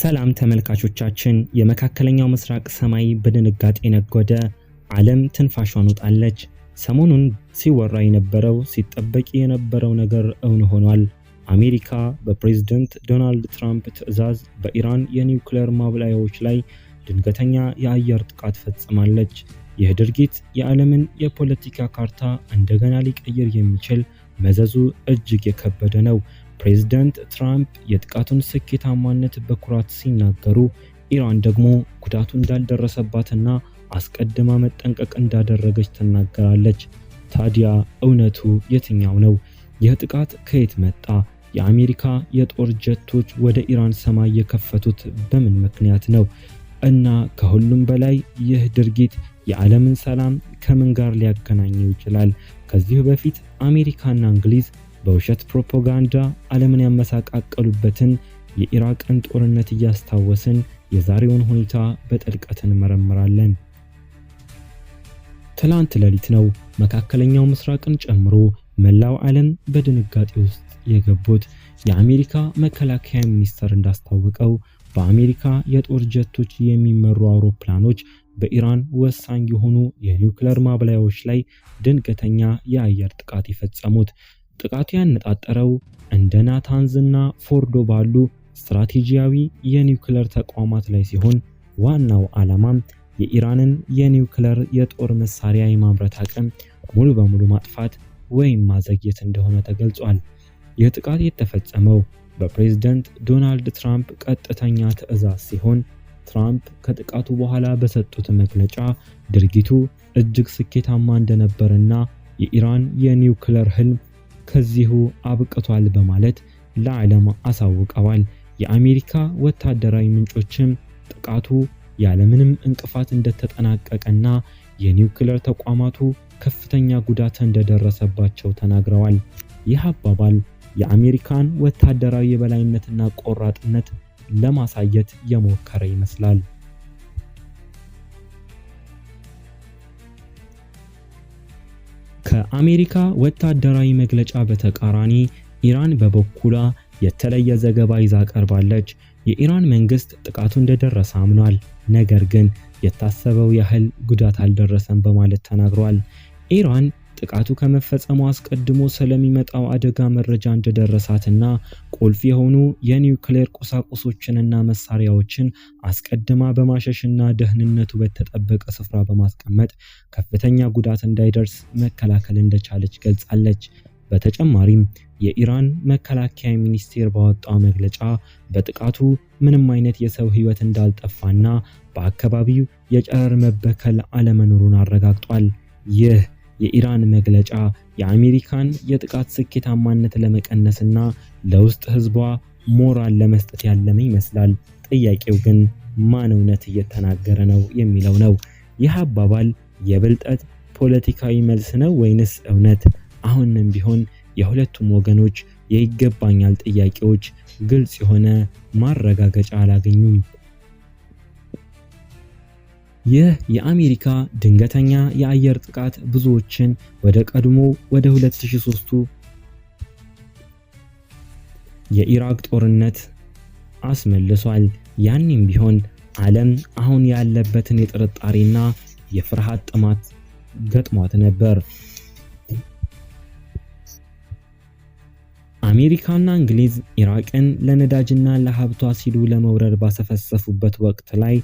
ሰላም ተመልካቾቻችን፣ የመካከለኛው ምስራቅ ሰማይ በድንጋጤ ነጎደ። ዓለም ትንፋሿን ውጣለች። ሰሞኑን ሲወራ የነበረው ሲጠበቅ የነበረው ነገር እውን ሆኗል። አሜሪካ በፕሬዝደንት ዶናልድ ትራምፕ ትዕዛዝ በኢራን የኒውክሌር ማብላያዎች ላይ ድንገተኛ የአየር ጥቃት ፈጽማለች። ይህ ድርጊት የዓለምን የፖለቲካ ካርታ እንደገና ሊቀይር የሚችል መዘዙ እጅግ የከበደ ነው። ፕሬዚደንት ትራምፕ የጥቃቱን ስኬታማነት በኩራት ሲናገሩ፣ ኢራን ደግሞ ጉዳቱ እንዳልደረሰባትና አስቀድማ መጠንቀቅ እንዳደረገች ትናገራለች። ታዲያ እውነቱ የትኛው ነው? ይህ ጥቃት ከየት መጣ? የአሜሪካ የጦር ጀቶች ወደ ኢራን ሰማይ የከፈቱት በምን ምክንያት ነው? እና ከሁሉም በላይ ይህ ድርጊት የዓለምን ሰላም ከምን ጋር ሊያገናኘው ይችላል? ከዚህ በፊት አሜሪካና እንግሊዝ በውሸት ፕሮፓጋንዳ ዓለምን ያመሳቃቀሉበትን የኢራቅን ጦርነት እያስታወስን የዛሬውን ሁኔታ በጥልቀት እንመረምራለን። ትላንት ሌሊት ነው መካከለኛው ምስራቅን ጨምሮ መላው ዓለም በድንጋጤ ውስጥ የገቡት። የአሜሪካ መከላከያ ሚኒስቴር እንዳስታወቀው በአሜሪካ የጦር ጀቶች የሚመሩ አውሮፕላኖች በኢራን ወሳኝ የሆኑ የኒውክለር ማብላያዎች ላይ ድንገተኛ የአየር ጥቃት የፈጸሙት ጥቃቱ ያነጣጠረው እንደ ናታንዝ እና ፎርዶ ባሉ ስትራቴጂያዊ የኒውክለር ተቋማት ላይ ሲሆን ዋናው ዓላማም የኢራንን የኒውክለር የጦር መሳሪያ የማምረት አቅም ሙሉ በሙሉ ማጥፋት ወይም ማዘግየት እንደሆነ ተገልጿል። ይህ ጥቃት የተፈጸመው በፕሬዝደንት ዶናልድ ትራምፕ ቀጥተኛ ትዕዛዝ ሲሆን ትራምፕ ከጥቃቱ በኋላ በሰጡት መግለጫ ድርጊቱ እጅግ ስኬታማ እንደነበርና የኢራን የኒውክለር ህልም ከዚሁ አብቅቷል በማለት ለዓለም አሳውቀዋል። የአሜሪካ ወታደራዊ ምንጮችም ጥቃቱ ያለምንም እንቅፋት እንደተጠናቀቀና የኒውክሌር ተቋማቱ ከፍተኛ ጉዳት እንደደረሰባቸው ተናግረዋል። ይህ አባባል የአሜሪካን ወታደራዊ የበላይነትና ቆራጥነት ለማሳየት የሞከረ ይመስላል። ከአሜሪካ ወታደራዊ መግለጫ በተቃራኒ ኢራን በበኩሏ የተለየ ዘገባ ይዛ ቀርባለች። የኢራን መንግስት ጥቃቱ እንደደረሰ አምኗል፣ ነገር ግን የታሰበው ያህል ጉዳት አልደረሰም በማለት ተናግሯል። ኢራን ጥቃቱ ከመፈጸሙ አስቀድሞ ስለሚመጣው አደጋ መረጃ እንደደረሳትና ቁልፍ የሆኑ የኒውክሌር ቁሳቁሶችንና መሳሪያዎችን አስቀድማ በማሸሽና ደህንነቱ በተጠበቀ ስፍራ በማስቀመጥ ከፍተኛ ጉዳት እንዳይደርስ መከላከል እንደቻለች ገልጻለች። በተጨማሪም የኢራን መከላከያ ሚኒስቴር ባወጣው መግለጫ በጥቃቱ ምንም አይነት የሰው ሕይወት እንዳልጠፋና በአካባቢው የጨረር መበከል አለመኖሩን አረጋግጧል። ይህ የኢራን መግለጫ የአሜሪካን የጥቃት ስኬታማነት ለመቀነስና ለውስጥ ህዝቧ ሞራል ለመስጠት ያለመ ይመስላል። ጥያቄው ግን ማን እውነት እየተናገረ ነው የሚለው ነው። ይህ አባባል የብልጠት ፖለቲካዊ መልስ ነው ወይንስ እውነት? አሁንም ቢሆን የሁለቱም ወገኖች የይገባኛል ጥያቄዎች ግልጽ የሆነ ማረጋገጫ አላገኙም። ይህ የአሜሪካ ድንገተኛ የአየር ጥቃት ብዙዎችን ወደ ቀድሞ ወደ 2003ቱ የኢራቅ ጦርነት አስመልሷል። ያኔም ቢሆን ዓለም አሁን ያለበትን የጥርጣሬና የፍርሃት ጥማት ገጥሟት ነበር። አሜሪካና እንግሊዝ ኢራቅን ለነዳጅና ለሀብቷ ሲሉ ለመውረር ባሰፈሰፉበት ወቅት ላይ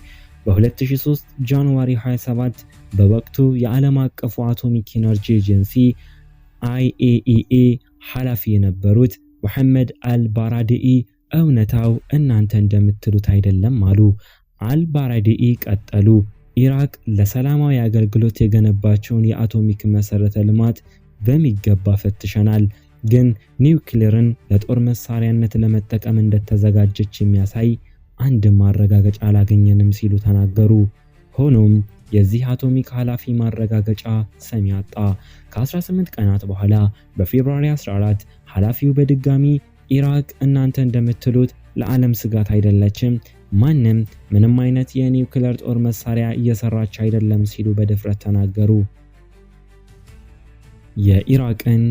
በ2003 ጃንዋሪ 27 በወቅቱ የዓለም አቀፉ አቶሚክ ኢነርጂ ኤጀንሲ አይኤኢኤ ኃላፊ የነበሩት መሐመድ አልባራዲኢ እውነታው እናንተ እንደምትሉት አይደለም አሉ። አልባራዲኢ ቀጠሉ። ኢራቅ ለሰላማዊ አገልግሎት የገነባቸውን የአቶሚክ መሠረተ ልማት በሚገባ ፈትሸናል፣ ግን ኒውክሌርን ለጦር መሳሪያነት ለመጠቀም እንደተዘጋጀች የሚያሳይ አንድ ማረጋገጫ አላገኘንም ሲሉ ተናገሩ። ሆኖም የዚህ አቶሚክ ኃላፊ ማረጋገጫ ሰሚ አጣ። ከ18 ቀናት በኋላ በፌብሩዋሪ 14 ኃላፊው በድጋሚ ኢራቅ እናንተ እንደምትሉት ለዓለም ስጋት አይደለችም፣ ማንም ምንም አይነት የኒውክለር ጦር መሳሪያ እየሰራች አይደለም ሲሉ በድፍረት ተናገሩ። የኢራቅን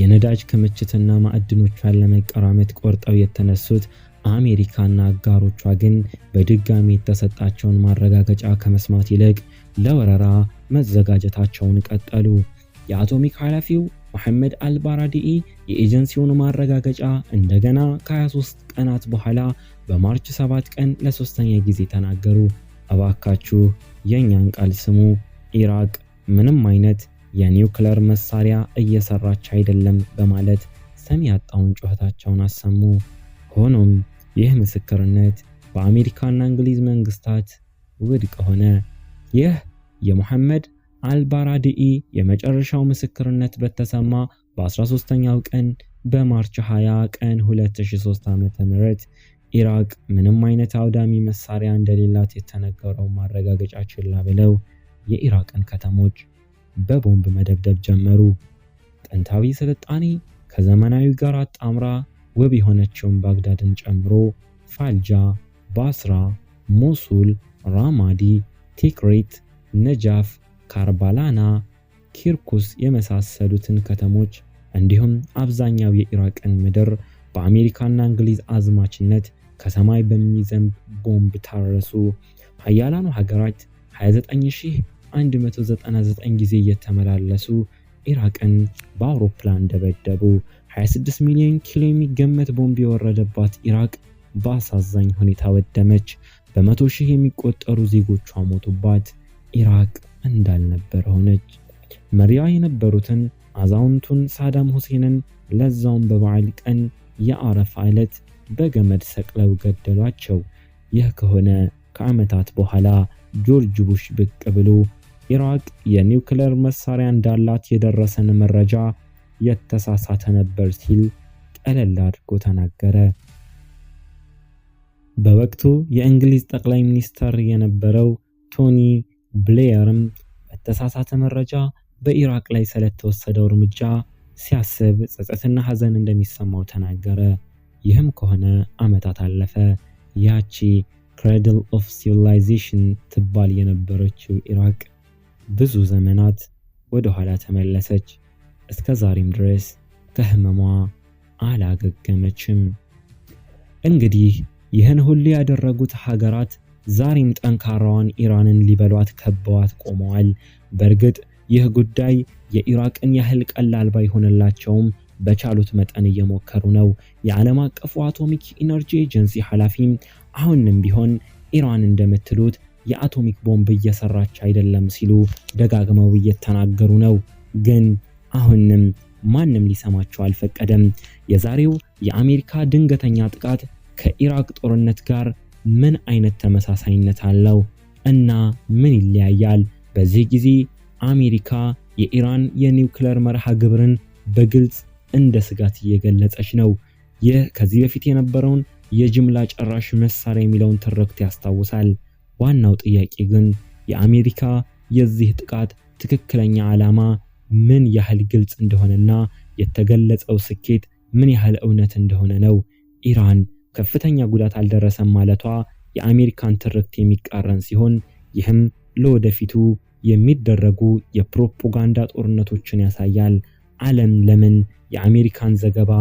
የነዳጅ ክምችትና ማዕድኖቿን ለመቀራመት ቆርጠው የተነሱት አሜሪካና አጋሮቿ ግን በድጋሚ የተሰጣቸውን ማረጋገጫ ከመስማት ይልቅ ለወረራ መዘጋጀታቸውን ቀጠሉ። የአቶሚክ ኃላፊው መሐመድ አልባራዲኢ የኤጀንሲውን ማረጋገጫ እንደገና ከ23 ቀናት በኋላ በማርች 7 ቀን ለሶስተኛ ጊዜ ተናገሩ። እባካችሁ የእኛን ቃል ስሙ። ኢራቅ ምንም አይነት የኒውክለር መሳሪያ እየሰራች አይደለም በማለት ሰሚ ያጣውን ጩኸታቸውን አሰሙ። ሆኖም ይህ ምስክርነት በአሜሪካና እንግሊዝ መንግስታት ውድቅ ሆነ። ይህ የሙሐመድ አልባራድኢ የመጨረሻው ምስክርነት በተሰማ በ13ኛው ቀን በማርች 20 ቀን 2003 ዓ.ም ኢራቅ ምንም አይነት አውዳሚ መሳሪያ እንደሌላት የተነገረው ማረጋገጫ ችላ ብለው የኢራቅን ከተሞች በቦምብ መደብደብ ጀመሩ። ጥንታዊ ስልጣኔ ከዘመናዊ ጋር አጣምራ ውብ የሆነችውን ባግዳድን ጨምሮ ፋልጃ፣ ባስራ፣ ሞሱል፣ ራማዲ፣ ቲክሪት፣ ነጃፍ፣ ካርባላና ኪርኩስ የመሳሰሉትን ከተሞች እንዲሁም አብዛኛው የኢራቅን ምድር በአሜሪካና እንግሊዝ አዝማችነት ከሰማይ በሚዘንብ ቦምብ ታረሱ። ሀያላኑ ሀገራት 29199 ጊዜ እየተመላለሱ ኢራቅን በአውሮፕላን ደበደቡ። 26 ሚሊዮን ኪሎ የሚገመት ቦምብ የወረደባት ኢራቅ በአሳዛኝ ሁኔታ ወደመች። በመቶ ሺህ የሚቆጠሩ ዜጎቿ ሞቱባት። ኢራቅ እንዳልነበረ ሆነች። መሪዋ የነበሩትን አዛውንቱን ሳዳም ሁሴንን ለዛውም በበዓል ቀን የአረፋ ዕለት በገመድ ሰቅለው ገደሏቸው። ይህ ከሆነ ከዓመታት በኋላ ጆርጅ ቡሽ ብቅ ብሎ ኢራቅ የኒውክሌር መሳሪያ እንዳላት የደረሰን መረጃ የተሳሳተ ነበር ሲል ቀለል አድርጎ ተናገረ። በወቅቱ የእንግሊዝ ጠቅላይ ሚኒስትር የነበረው ቶኒ ብሌየርም በተሳሳተ መረጃ በኢራቅ ላይ ስለተወሰደው እርምጃ ሲያስብ ጸጸትና ሐዘን እንደሚሰማው ተናገረ። ይህም ከሆነ ዓመታት አለፈ። ያቺ ክሬድል ኦፍ ሲቪላይዜሽን ትባል የነበረችው ኢራቅ ብዙ ዘመናት ወደ ኋላ ተመለሰች። እስከ ዛሬም ድረስ ከህመሟ አላገገመችም። እንግዲህ ይህን ሁሉ ያደረጉት ሀገራት ዛሬም ጠንካራዋን ኢራንን ሊበሏት ከበዋት ቆመዋል። በእርግጥ ይህ ጉዳይ የኢራቅን ያህል ቀላል ባይሆንላቸውም በቻሉት መጠን እየሞከሩ ነው። የዓለም አቀፉ አቶሚክ ኢነርጂ ኤጀንሲ ኃላፊም አሁንም ቢሆን ኢራን እንደምትሉት የአቶሚክ ቦምብ እየሰራች አይደለም ሲሉ ደጋግመው እየተናገሩ ነው ግን አሁንም ማንም ሊሰማቸው አልፈቀደም። የዛሬው የአሜሪካ ድንገተኛ ጥቃት ከኢራቅ ጦርነት ጋር ምን አይነት ተመሳሳይነት አለው እና ምን ይለያያል? በዚህ ጊዜ አሜሪካ የኢራን የኒውክለር መርሃ ግብርን በግልጽ እንደ ስጋት እየገለጸች ነው። ይህ ከዚህ በፊት የነበረውን የጅምላ ጨራሽ መሳሪያ የሚለውን ትርክት ያስታውሳል። ዋናው ጥያቄ ግን የአሜሪካ የዚህ ጥቃት ትክክለኛ ዓላማ ምን ያህል ግልጽ እንደሆነና የተገለጸው ስኬት ምን ያህል እውነት እንደሆነ ነው። ኢራን ከፍተኛ ጉዳት አልደረሰም ማለቷ የአሜሪካን ትርክት የሚቃረን ሲሆን ይህም ለወደፊቱ የሚደረጉ የፕሮፓጋንዳ ጦርነቶችን ያሳያል። ዓለም ለምን የአሜሪካን ዘገባ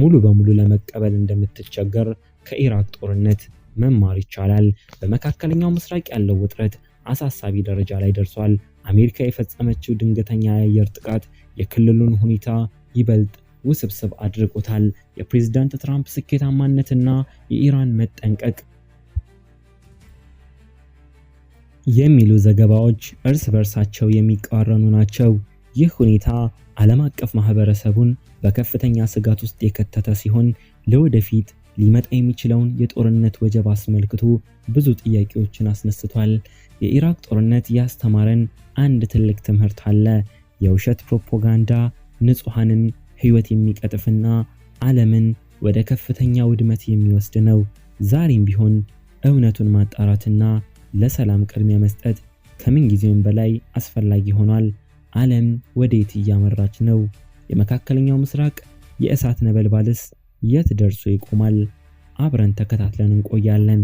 ሙሉ በሙሉ ለመቀበል እንደምትቸገር ከኢራቅ ጦርነት መማር ይቻላል። በመካከለኛው ምስራቅ ያለው ውጥረት አሳሳቢ ደረጃ ላይ ደርሷል። አሜሪካ የፈጸመችው ድንገተኛ የአየር ጥቃት የክልሉን ሁኔታ ይበልጥ ውስብስብ አድርጎታል። የፕሬዝዳንት ትራምፕ ስኬታማነትና የኢራን መጠንቀቅ የሚሉ ዘገባዎች እርስ በርሳቸው የሚቃረኑ ናቸው። ይህ ሁኔታ ዓለም አቀፍ ማህበረሰቡን በከፍተኛ ስጋት ውስጥ የከተተ ሲሆን ለወደፊት ሊመጣ የሚችለውን የጦርነት ወጀብ አስመልክቶ ብዙ ጥያቄዎችን አስነስቷል። የኢራቅ ጦርነት ያስተማረን አንድ ትልቅ ትምህርት አለ። የውሸት ፕሮፓጋንዳ ንጹሐንን ሕይወት የሚቀጥፍና ዓለምን ወደ ከፍተኛ ውድመት የሚወስድ ነው። ዛሬም ቢሆን እውነቱን ማጣራትና ለሰላም ቅድሚያ መስጠት ከምን ጊዜም በላይ አስፈላጊ ሆኗል። ዓለም ወዴት እያመራች ነው? የመካከለኛው ምስራቅ የእሳት ነበልባልስ የት ደርሶ ይቆማል? አብረን ተከታትለን እንቆያለን።